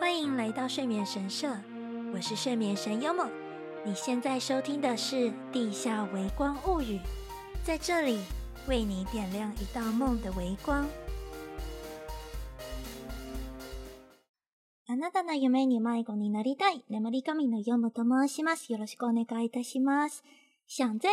歡迎來到睡眠神社，我是睡眠神優夢。你現在收聽的是《地下微光物語》，在這裡為你點亮一道夢的微光。想在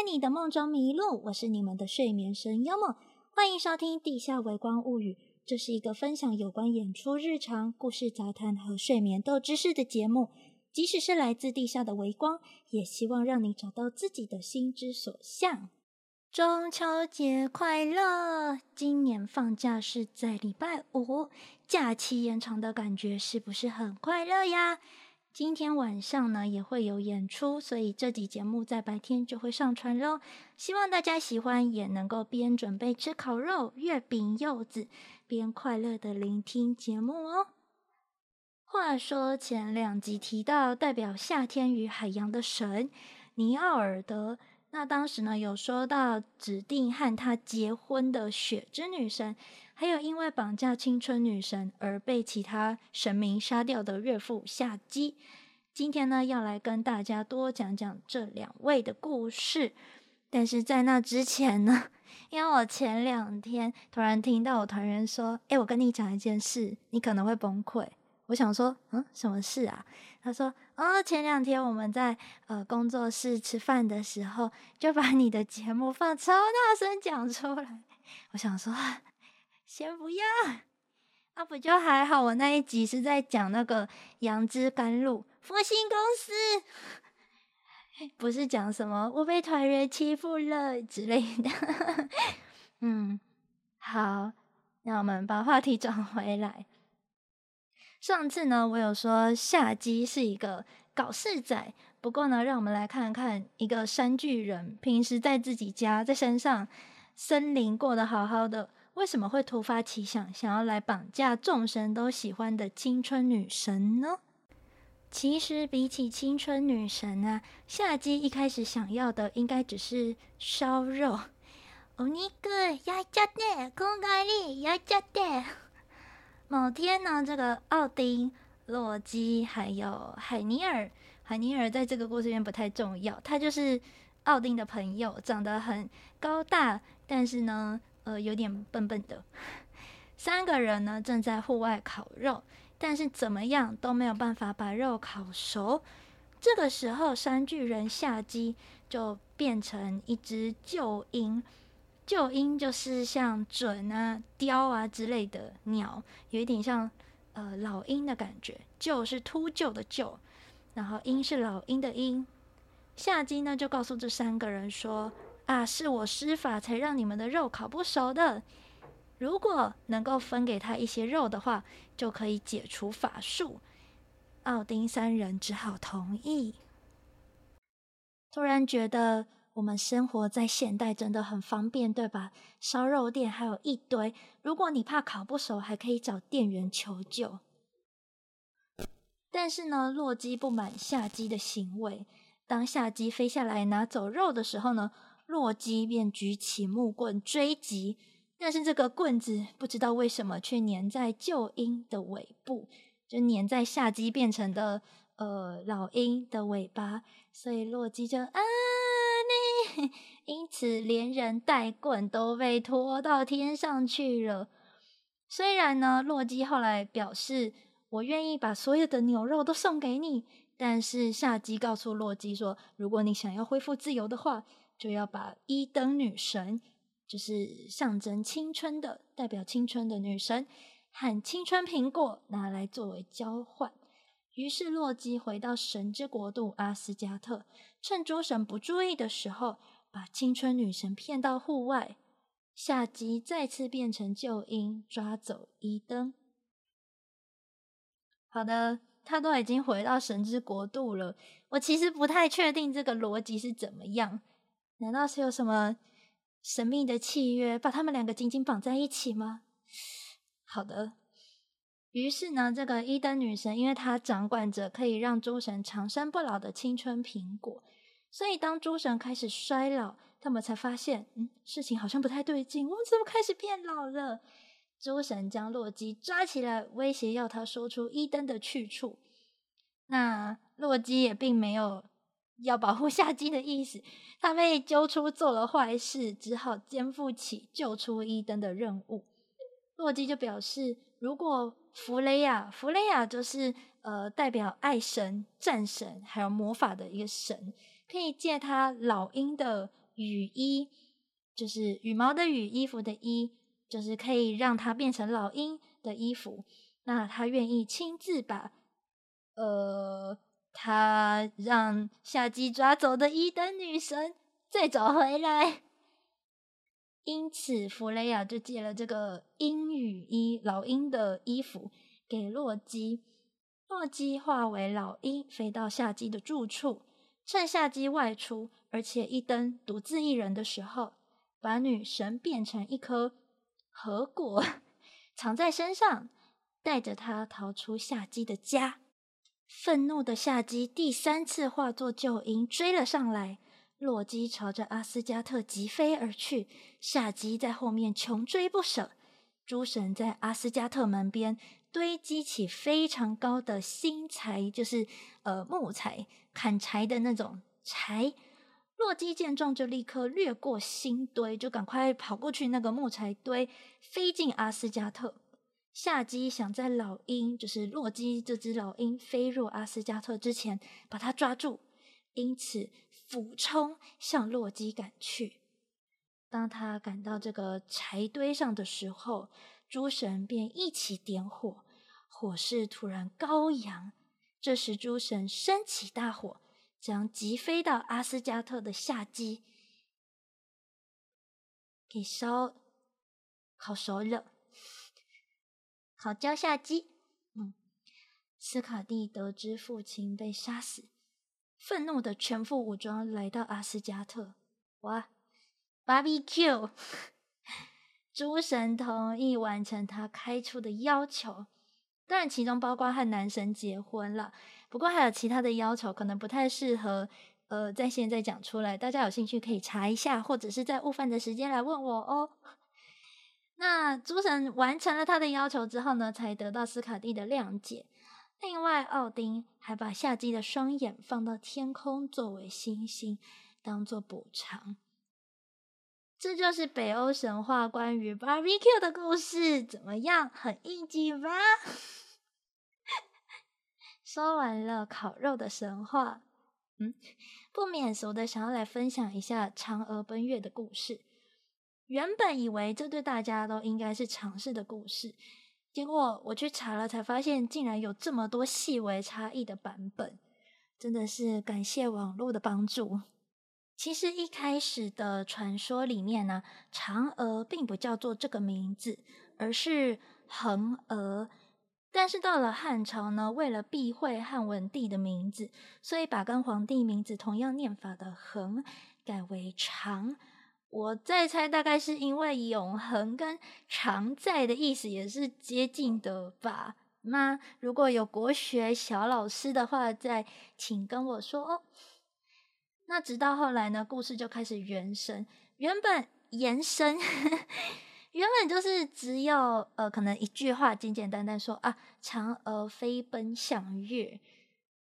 你的夢中迷路？我是你們的睡眠神優夢，歡迎收聽《地下微光物語》。這是一個分享有關演出日常、故事雜談和睡眠豆知識的節目。即使是來自地下的微光，也希望讓你找到自己的心之所向。中秋節快樂！今年放假是在禮拜五，假期延長的感覺是不是很快樂呀？今天晚上呢也會有演出，所以這集節目在白天就會上傳嘍。希望大家喜歡，也能夠邊準備吃烤肉、月餅、柚子，邊快樂地聆聽節目哦。話說前兩集提到代表夏天與海洋的神尼奧爾德，那當時呢有說到指定和他結婚的雪之女神。還有因為綁架青春女神而被其他神明殺掉的岳父夏基，今天呢要來跟大家多講講這兩位的故事。但是在那之前呢，因為我前兩天突然聽到我團員說：“哎，我跟你講一件事，你可能會崩潰。”我想說：“嗯，什麼事啊？”他說：“哦，前兩天我們在呃工作室吃飯的時候，就把你的節目放超大聲講出來。”我想說，先不要，啊，不就還好？我那一集是在講那個《楊枝甘露》，佛心公司不是講什麼我被團員欺負了之類的。嗯，好，那我們把話題轉回來。上次呢，我有說夏基是一個搞事仔，不過呢，讓我們來看看一個山巨人，平時在自己家在山上森林過得好好的。為什麼會突發奇想，想要來綁架眾神都喜歡的青春女神呢？其實比起青春女神啊，夏基一開始想要的應該只是燒肉。哦尼哥，要加點紅咖喱，要加點。某天呢，這個奧丁、洛基還有海尼爾，海尼爾在這個故事裡面不太重要，他就是奧丁的朋友，長得很高大，但是呢。呃，有點笨笨的。三個人呢，正在戶外烤肉，但是怎麼樣都沒有辦法把肉烤熟。這個時候，山巨人夏基就變成一隻鷲鷹。鷲鷹就是像隼啊、鵰啊之類的鳥，有一點像呃老鷹的感覺。鷲是禿鷲的鷲，然後鷹是老鷹的鷹。夏基呢，就告訴這三個人說。啊！是我施法才讓你們的肉烤不熟的。如果能夠分給他一些肉的話，就可以解除法術。奧丁三人只好同意。突然覺得我們生活在現代真的很方便，對吧？燒肉店還有一堆。如果你怕烤不熟，還可以找店員求救。但是呢，洛基不滿夏基的行為。當夏基飛下來拿走肉的時候呢，洛基便舉起木棍追擊，但是這個棍子，不知道為什麼卻黏在鷲鷹的尾部，就黏在夏基變成的呃老鷹的尾巴，所以洛基就啊，你因此連人帶棍都被拖到天上去了。雖然呢，洛基後來表示我願意把所有的牛肉都送給你，但是夏基告訴洛基說，如果你想要恢復自由的話，就要把伊登女神，就是象徵青春的、代表青春的女神，和青春蘋果拿來作為交換。於是，洛基回到神之國度阿斯加特，趁諸神不注意的時候，把青春女神騙到戶外，下集再次變成鷲鷹抓走伊登。好的，他都已經回到神之國度了。我其實不太確定這個邏輯是怎麼樣。難道是有什麼神秘的契約把他們兩個緊緊綁在一起嗎？好的，於是呢，這個伊登女神，因為她掌管着可以讓諸神長生不老的青春蘋果，所以當諸神開始衰老，他們才發現，嗯，事情好像不太對勁，我怎麼開始變老了？諸神將洛基抓起來，威脅要他說出伊登的去處。那洛基也並沒有。要保護夏基的意思，他被揪出做了壞事，只好肩負起救出伊登的任務。洛基就表示，如果弗雷亞，弗雷亞就是呃代表愛神、戰神還有魔法的一個神，可以借他老鷹的羽衣，就是羽毛的羽，衣服的衣，就是可以讓它變成老鷹的衣服。那他願意親自把呃。他讓夏基抓走的伊登女神再找回來，因此弗雷亞就借了這個鷹羽衣，老鷹的衣服給洛基。洛基化為老鷹，飛到夏基的住處，趁夏基外出，而且伊登獨自一人的時候，把女神變成一顆核果，藏在身上，帶着她逃出夏基的家。憤怒的夏基第三次化作鷲鷹追了上來，洛基朝着阿斯加特疾飛而去，夏基在後面窮追不捨。諸神在阿斯加特門邊堆積起非常高的薪柴，就是呃木柴砍柴的那種柴。洛基見狀就立刻掠過薪堆，就趕快跑過去那個木柴堆，飛進阿斯加特。夏基想在老鷹，就是洛基這隻老鷹飛入阿斯加特之前把它抓住，因此俯衝向洛基趕去。當他趕到這個柴堆上的時候，諸神便一起點火，火勢突然高揚。這時諸神升起大火，將急飛到阿斯加特的夏基給燒烤熟了。好，焦下雞，嗯，斯卡蒂得知父親被殺死，憤怒地全副武裝來到阿斯加特。哇，芭比 Q！諸神同意完成他開出的要求，當然其中包括和男神結婚了。不過還有其他的要求，可能不太適合，呃，在現在講出來，大家有興趣可以查一下，或者是在午飯的時間來問我哦。那諸神完成了他的要求之後呢，才得到斯卡蒂的諒解。另外，奧丁還把夏基的雙眼放到天空作為星星，當做補償。這就是北歐神話關於 BBQ 的故事，怎麼樣，很應景吧？ 說完了烤肉的神話，嗯，不免俗的想要來分享一下嫦娥奔月的故事。原本以為這對大家都應該是常識的故事，結果我去查了，才發現竟然有這麼多細微差異的版本，真的是感謝網絡的幫助。其實一開始的傳說裡面呢、啊，嫦娥並不叫做這個名字，而是姮娥。但是到了漢朝呢，為了避諱漢文帝的名字，所以把跟皇帝名字同樣念法的“恆”改為“長”。我再猜，大概是因為“永恆”跟“常在”的意思也是接近的吧？那如果有國學小老師的話，再請跟我說哦。那直到後來呢，故事就開始延伸，原本延伸，原本就是只要呃，可能一句話簡簡單單說啊，“嫦娥飛奔向月”。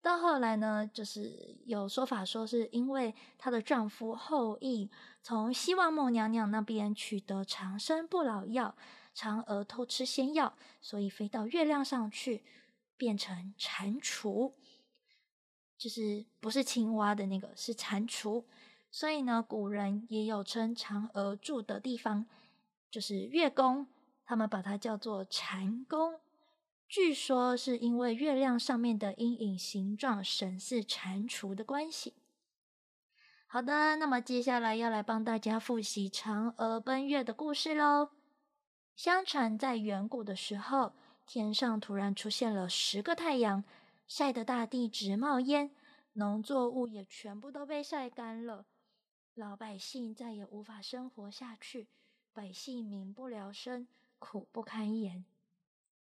到後來呢，就是有說法說是因為她的丈夫后羿從西王母娘娘那邊取得長生不老藥，嫦娥偷吃仙藥，所以飛到月亮上去，變成蟾蜍，就是不是青蛙的那個是蟾蜍。所以呢，古人也有稱嫦娥住的地方就是月宮，他們把它叫做蟾宮。據說是因為月亮上面的陰影形狀神似蟾蜍的關係。好的，那麼接下來要來幫大家復習嫦娥奔月的故事嘍。相傳在遠古的時候，天上突然出現了十個太陽，曬得大地直冒煙，農作物也全部都被曬乾了，老百姓再也無法生活下去，百姓民不聊生，苦不堪言。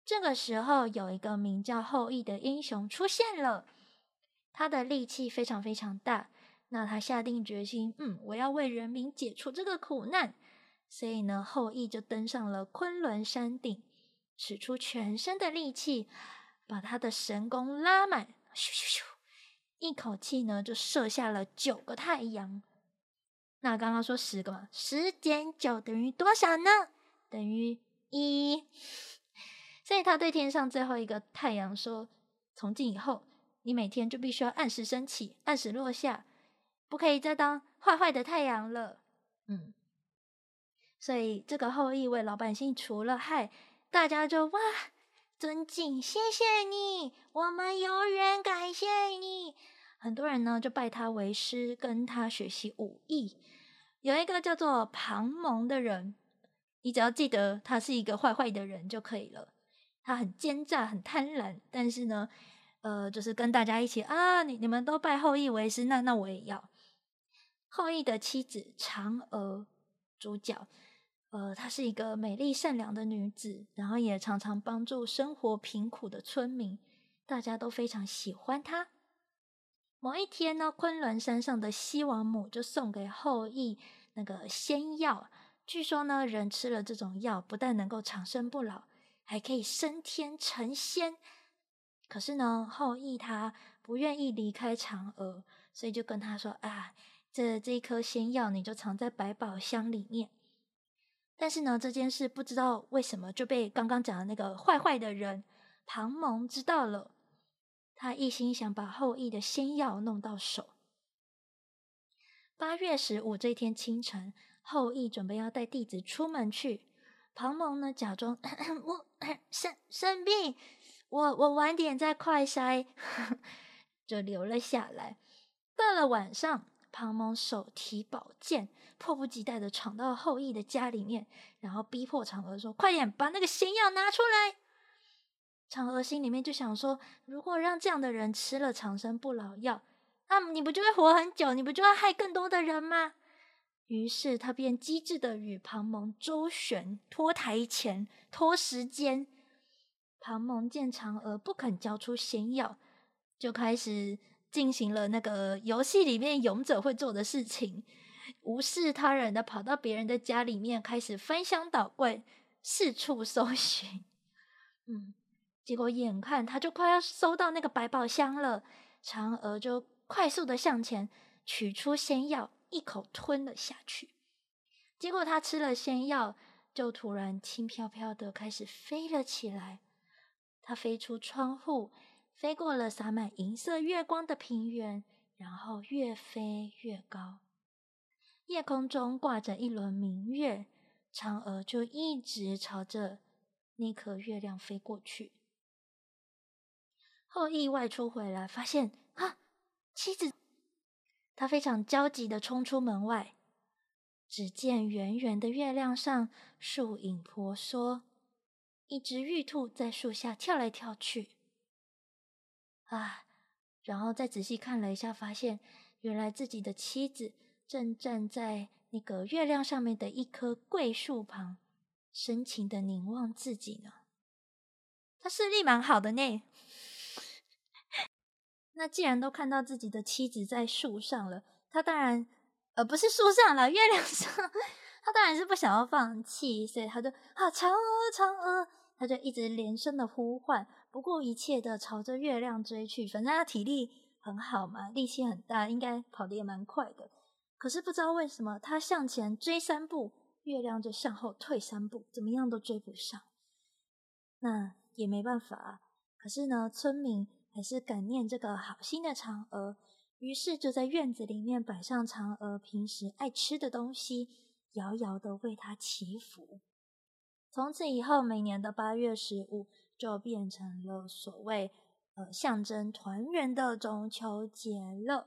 這個時候，有一個名叫后羿的英雄出現了。他的力氣非常非常大。那他下定決心，嗯，我要為人民解除這個苦難。所以呢，後羿就登上了崑崙山頂，使出全身的力氣，把他的神功拉滿，咻咻咻，一口氣呢就射下了九個太陽。那剛剛說十個嘛，十減九等於多少呢？等於一。所以他對天上最後一個太陽說：“從今以後，你每天就必須要按時升起，按時落下，不可以再當壞壞的太陽了。”嗯，所以這個後羿為老百姓除了害，大家就哇，尊敬，謝謝你，我們永遠感謝你。很多人呢就拜他為師，跟他學習武藝。有一個叫做龐蒙的人，你只要記得他是一個壞壞的人就可以了。他很奸詐，很貪婪，但是呢，呃，就是跟大家一起啊，你你們都拜后羿為師，那那我也要。後羿的妻子嫦娥，主角，呃，她是一個美麗善良的女子，然後也常常幫助生活貧苦的村民，大家都非常喜歡她。某一天呢，崑崙山上的西王母就送給后羿那個仙藥，據說呢，人吃了這種藥，不但能夠長生不老。還可以升天成仙，可是呢，後羿他不願意離開嫦娥，所以就跟他說：“啊，這這一顆仙藥，你就藏在百寶箱裡面。”但是呢，這件事不知道為什麼就被剛剛講的那個壞壞的人龐蒙知道了。他一心想把后羿的仙藥弄到手。八月十五這一天清晨，後羿準備要帶弟子出門去。龐蒙呢，假裝我生生病，我我晚點再快篩，就留了下來。到了晚上，龐蒙手提寶劍，迫不及待的闖到后羿的家裡面，然後逼迫嫦娥說：“快點把那個仙藥拿出來！”嫦娥心裡面就想說：“如果讓這樣的人吃了長生不老藥，那、啊、你不就會活很久？你不就要害更多的人嗎？”於是他便機智的與龐蒙周旋，拖台前，拖時間。龐蒙見嫦娥不肯交出仙藥，就開始進行了那個遊戲裡面勇者會做的事情，無視他人的跑到別人的家裡面開始翻箱倒櫃，四處搜尋。嗯，結果眼看他就快要搜到那個百寶箱了，嫦娥就快速的向前取出仙藥。一口吞了下去，結果他吃了仙藥，就突然輕飄飄的開始飛了起來。他飛出窗戶，飛過了灑滿銀色月光的平原，然後越飛越高。夜空中掛着一輪明月，嫦娥就一直朝着那顆月亮飛過去。後羿外出回來，發現啊，妻子。他非常焦急地衝出門外，只見圓圓的月亮上樹影婆娑，一隻玉兔在樹下跳來跳去。啊！然後再仔細看了一下，發現原來自己的妻子正站在那個月亮上面的一棵桂樹旁，深情地凝望自己呢。他視力蠻好的呢。那既然都看到自己的妻子在樹上了，他當然呃不是樹上啦，月亮上，他當然是不想要放棄，所以他就啊嫦娥嫦娥，他就一直連聲的呼喚，不顧一切的朝着月亮追去。反正他體力很好嘛，力氣很大，應該跑得也蠻快的。可是不知道為什麼，他向前追三步，月亮就向後退三步，怎麼樣都追不上。那也沒辦法啊。可是呢，村民。還是感念這個好心的嫦娥，於是就在院子裡面擺上嫦娥平時愛吃的東西，遙遙的為她祈福。從此以後，每年的八月十五就變成了所謂呃象徵團圓的中秋節了。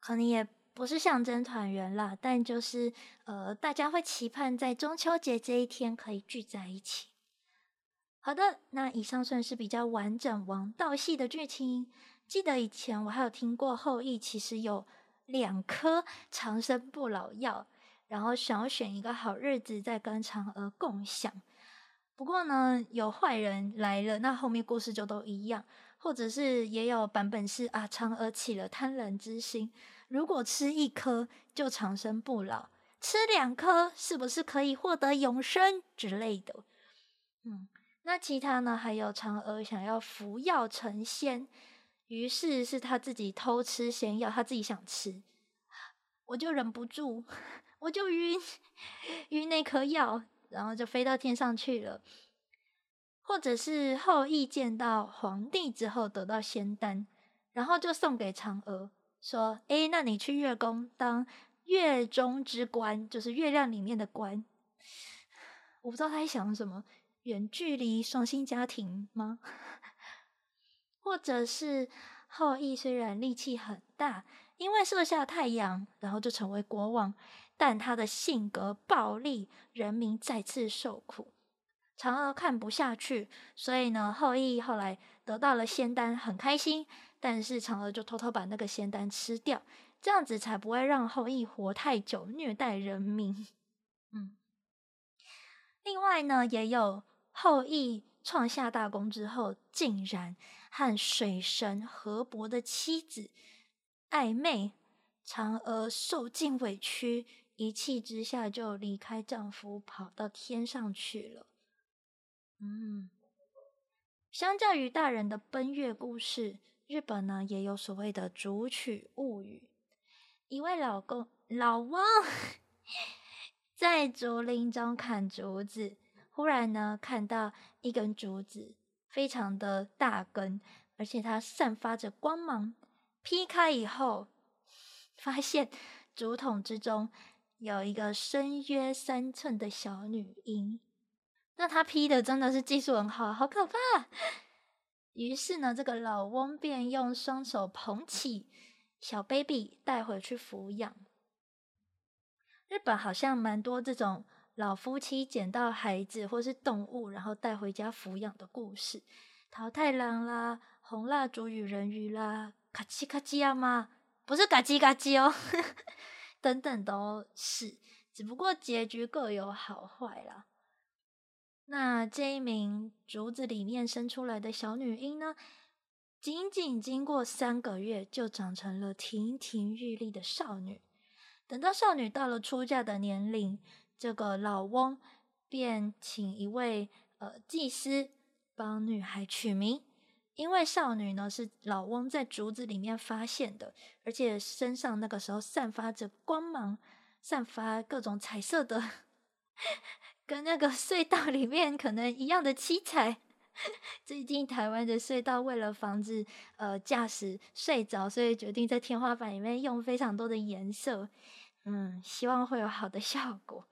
可能也不是象徵團圓啦，但就是呃大家會期盼在中秋節這一天可以聚在一起。好的，那以上算是比較完整王道系的劇情。記得以前我還有聽過后羿其實有兩顆長生不老藥，然後想要選一個好日子再跟嫦娥共享。不過呢，有壞人來了，那後面故事就都一樣。或者是也有版本是啊，嫦娥起了貪婪之心，如果吃一顆就長生不老，吃兩顆是不是可以獲得永生之類的？嗯。那其他呢？還有嫦娥想要服藥成仙，於是是他自己偷吃仙藥，他自己想吃，我就忍不住，我就暈暈那顆藥，然後就飛到天上去了。或者是後羿見到皇帝之後得到仙丹，然後就送給嫦娥說：“誒、欸，那你去月宮當月中之官，就是月亮裡面的官。”我不知道他在想什麼。遠距離雙星家庭嗎？或者是後羿雖然力氣很大，因為射下太陽，然後就成為國王，但他的性格暴力，人民再次受苦。嫦娥看不下去，所以呢，後羿後來得到了仙丹，很開心。但是嫦娥就偷偷把那個仙丹吃掉，這樣子才不會讓后羿活太久，虐待人民。嗯，另外呢，也有。后羿創下大功之後，竟然和水神河伯的妻子曖昧，嫦娥受盡委屈，一氣之下就離開丈夫，跑到天上去了。嗯，相較於大人的奔月故事，日本呢也有所謂的竹取物語。一位老公老翁 在竹林中砍竹子。忽然呢，看到一根竹子，非常的大根，而且它散發着光芒。劈開以後，發現竹筒之中有一個深約三寸的小女嬰。那她劈的真的是技術很好，好可怕啊。於是呢，這個老翁便用雙手捧起小 baby 帶回去撫養。日本好像蠻多這種。老夫妻撿到孩子或是動物，然後帶回家撫養的故事，《桃太郎》啦，《紅蠟燭與人魚》啦，《卡嘰卡嘰》啊嘛，不是卡嘰卡嘰哦呵呵，等等都是，只不過結局各有好壞啦。那這一名竹子裡面生出來的小女嬰呢，僅僅經過三個月，就長成了亭亭玉立的少女。等到少女到了出嫁的年齡，這個老翁便請一位呃祭司幫女孩取名，因為少女呢是老翁在竹子裡面發現的，而且身上那個時候散發着光芒，散發各種彩色的，呵呵跟那個隧道裡面可能一樣的七彩。最近台灣的隧道為了防止呃駕駛睡着，所以決定在天花板裡面用非常多的顏色，嗯，希望會有好的效果。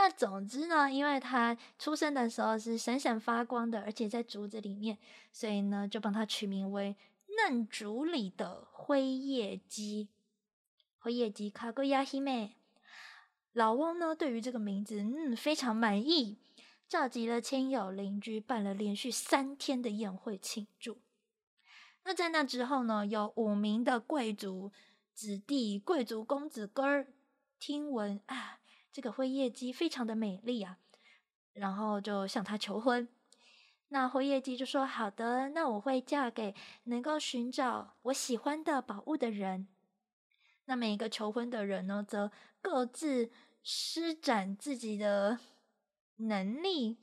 那總之呢，因為他出生的時候是閃閃發光的，而且在竹子裡面，所以呢，就幫他取名為嫩竹裡的輝夜姬。輝夜姬卡哥亞希梅。老翁呢，對於這個名字，嗯，非常滿意，召集了親友鄰居，辦了連續三天的宴會慶祝。那在那之後呢，有五名的貴族子弟、貴族公子哥兒聽聞啊。這個輝夜姬非常的美麗啊，然後就向她求婚。那輝夜姬就說：“好的，那我會嫁給能夠尋找我喜歡的寶物的人。”那每一個求婚的人呢，則各自施展自己的能力，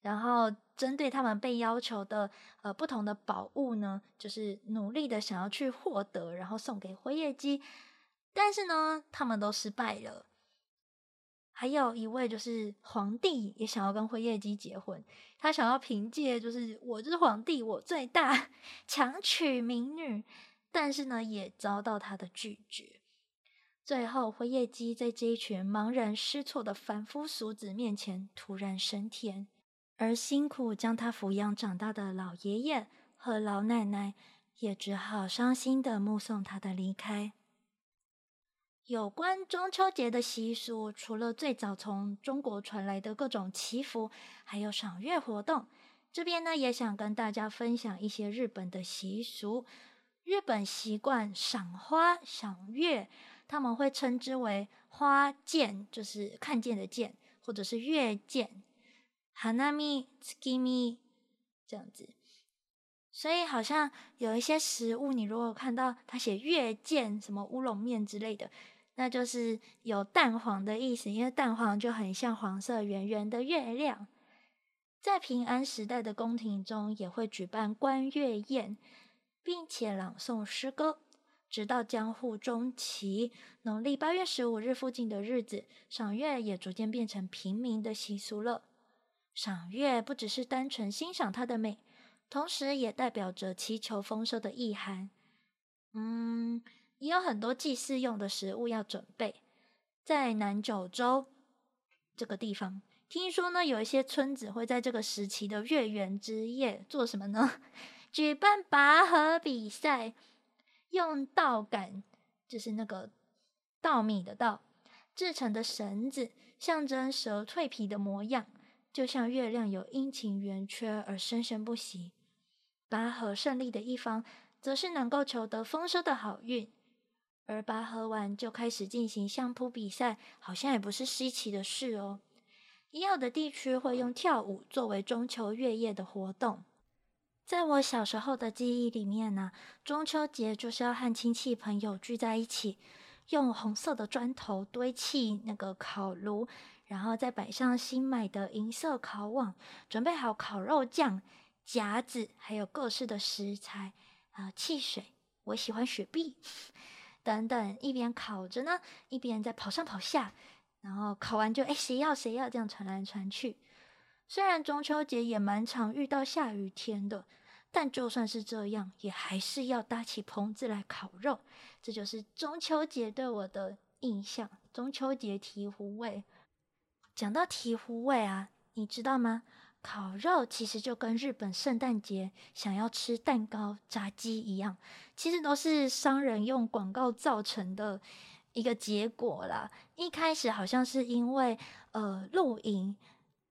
然後針對他們被要求的呃不同的寶物呢，就是努力的想要去獲得，然後送給輝夜姬。但是呢，他們都失敗了。還有一位就是皇帝也想要跟輝夜姬結婚，他想要憑借就是我就是皇帝，我最大，強娶民女。但是呢，也遭到他的拒絕。最後，輝夜姬在這一群茫然失措的凡夫俗子面前突然升天，而辛苦將他撫養長大的老爺爺和老奶奶也只好傷心的目送他的離開。有關中秋節的習俗，除了最早從中國傳來的各種祈福，還有賞月活動。這邊呢，也想跟大家分享一些日本的習俗。日本習慣賞花、賞月，他們會稱之為花見，就是看見的見，或者是月見 hanami，tsukimi 這樣子。所以好像有一些食物，你如果看到他寫月見什麼烏龍麵之類的。那就是有蛋黃的意思，因為蛋黃就很像黃色圓圓的月亮。在平安時代的宮廷中，也會舉辦觀月宴，並且朗誦詩歌。直到江戶中期，農曆八月十五日附近的日子，賞月也逐漸變成平民的習俗了。賞月不只是單純欣賞它的美，同時也代表着祈求豐收的意涵。嗯。也有很多祭祀用的食物要準備。在南九州這個地方，聽說呢有一些村子會在這個時期的月圓之夜做什麼呢？舉辦拔河比賽，用稻杆，就是那個稻米的稻，製成的繩子，象徵蛇蛻皮的模樣，就像月亮有陰晴圓缺而生生不息。拔河勝利的一方，則是能夠求得豐收的好運。而拔河完就開始進行相撲比賽，好像也不是稀奇的事哦。也有的地區會用跳舞作為中秋月夜的活動。在我小時候的記憶裡面呢、啊，中秋節就是要和親戚朋友聚在一起，用紅色的磚頭堆砌那個烤爐，然後再擺上新買的銀色烤網，準備好烤肉醬、夾子，還有各式的食材，還汽水。我喜歡雪碧。等等，一邊烤着呢，一邊在跑上跑下，然後烤完就哎，誰要誰要，這樣傳來傳去。雖然中秋節也蠻常遇到下雨天的，但就算是這樣，也還是要搭起棚子來烤肉。這就是中秋節對我的印象。中秋節醍醐味，講到醍醐味啊，你知道嗎？烤肉其實就跟日本聖誕節想要吃蛋糕、炸雞一樣，其實都是商人用廣告造成的一個結果啦。一開始好像是因為呃露營，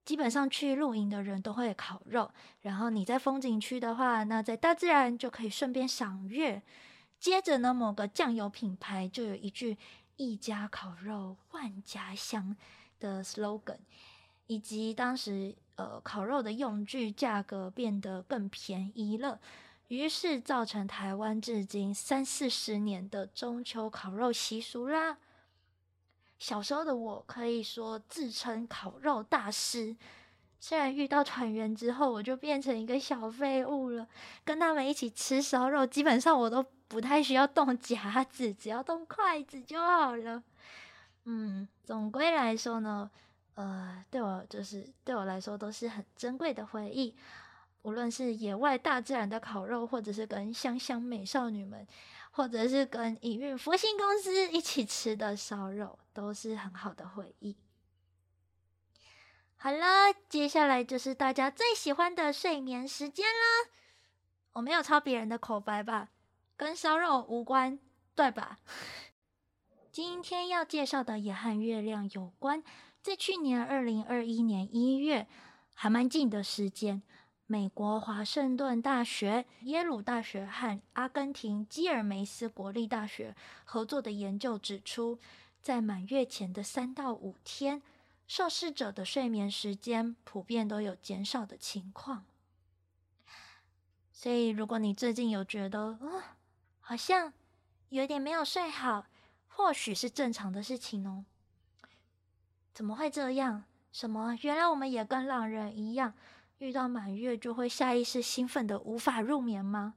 基本上去露營的人都會烤肉，然後你在風景區的話，那在大自然就可以順便賞月。接着呢，某個醬油品牌就有一句“一家烤肉，萬家香”的 slogan。以及當時，呃，烤肉的用具價格變得更便宜了，於是造成台灣至今三四十年的中秋烤肉習俗啦。小時候的我可以說自稱烤肉大師，雖然遇到團員之後，我就變成一個小廢物了，跟他們一起吃燒肉，基本上我都不太需要動夾子，只要動筷子就好了。嗯，總歸來說呢。呃，對我就是對我來說都是很珍貴的回憶，無論是野外大自然的烤肉，或者是跟香香美少女們，或者是跟營運福星公司一起吃的燒肉，都是很好的回憶。好了，接下來就是大家最喜歡的睡眠時間了。我沒有抄別人的口白吧？跟燒肉無關，對吧？今天要介紹的也和月亮有關。在去年二零二一年一月，還蠻近的時間，美國華盛頓大學、耶魯大學和阿根廷基爾梅斯國立大學合作的研究指出，在滿月前的三到五天，受試者的睡眠時間普遍都有減少的情況。所以，如果你最近有覺得，哦，好像有點沒有睡好，或許是正常的事情哦。怎麼會這樣？什麼？原來我們也跟狼人一樣，遇到滿月就會下意識興奮得無法入眠嗎？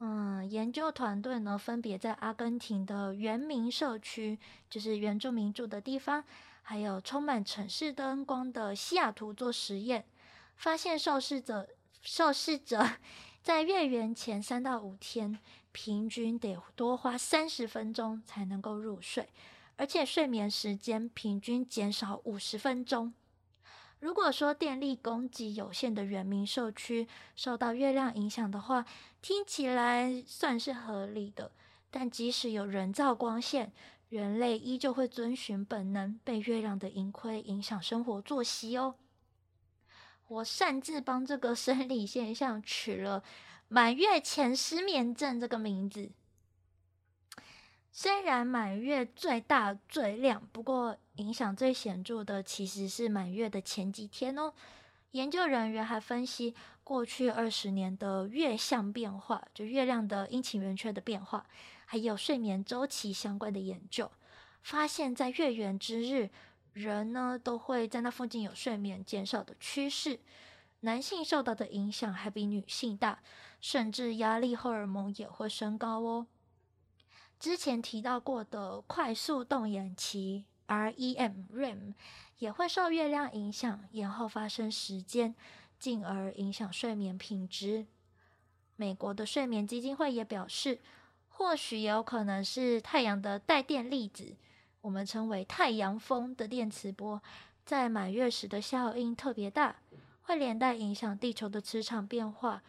嗯，研究團隊呢，分別在阿根廷的原民社區，就是原住民住的地方，還有充滿城市燈光的西雅圖做實驗，發現受試者受試者在月圓前三到五天，平均得多花三十分鐘才能夠入睡。而且睡眠時間平均減少五十分鐘。如果說電力供給有限的原民社區受到月亮影響的話，聽起來算是合理的。但即使有人造光線，人類依舊會遵循本能，被月亮的盈虧影響生活作息哦。我擅自幫這個生理現象取了“滿月前失眠症”這個名字。雖然滿月最大最亮，不過影響最顯著的其實是滿月的前幾天哦。研究人員還分析過去二十年的月相變化，就月亮的陰晴圓缺的變化，還有睡眠週期相關的研究，發現，在月圓之日，人呢都會在那附近有睡眠減少的趨勢。男性受到的影響還比女性大，甚至壓力荷爾蒙也會升高哦。之前提到過的快速動眼期 （REM）REM 也會受月亮影響，延後發生時間，進而影響睡眠品質。美國的睡眠基金會也表示，或許也有可能是太陽的帶電粒子，我們稱為太陽風的電磁波，在滿月時的效應特別大，會連帶影響地球的磁場變化，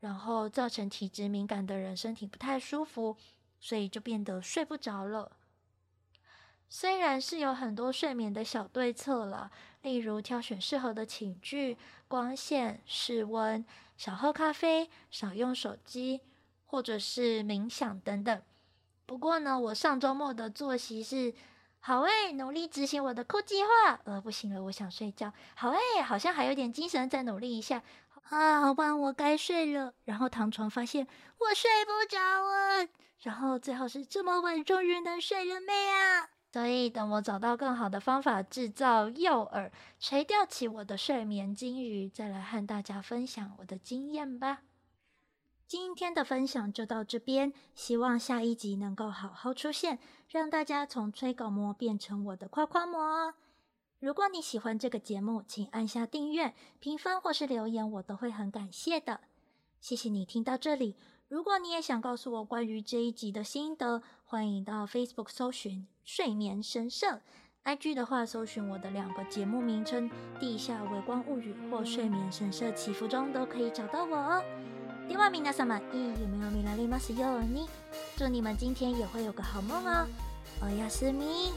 然後造成體質敏感的人身體不太舒服。所以就變得睡不着了。雖然是有很多睡眠的小對策了，例如挑選適合的寢具、光線、室溫，少喝咖啡，少用手機，或者是冥想等等。不過呢，我上週末的作息是：好誒、欸，努力執行我的哭計劃。呃，不行了，我想睡覺。好誒、欸，好像還有點精神，再努力一下。啊，好吧，我該睡了。然後躺床，發現我睡不着了。然後最後是這麼晚終於能睡了沒啊？所以等我找到更好的方法制造誘餌，垂釣起我的睡眠金魚，再來和大家分享我的經驗吧。今天的分享就到這邊，希望下一集能夠好好出現，讓大家從催稿魔變成我的誇誇魔。如果你喜歡這個節目，請按下訂閱、評分或是留言，我都會很感謝的。謝謝你聽到這裡。如果你也想告訴我關於這一集的心得，歡迎到 Facebook 搜尋《睡眠神社》，IG 的話搜尋我的兩個節目名稱《地下微光物語》或《睡眠神社祈福鐘》都可以找到我哦。では皆さん、いい夢を見られますように。祝你們今天也會有個好夢哦。おやすみ。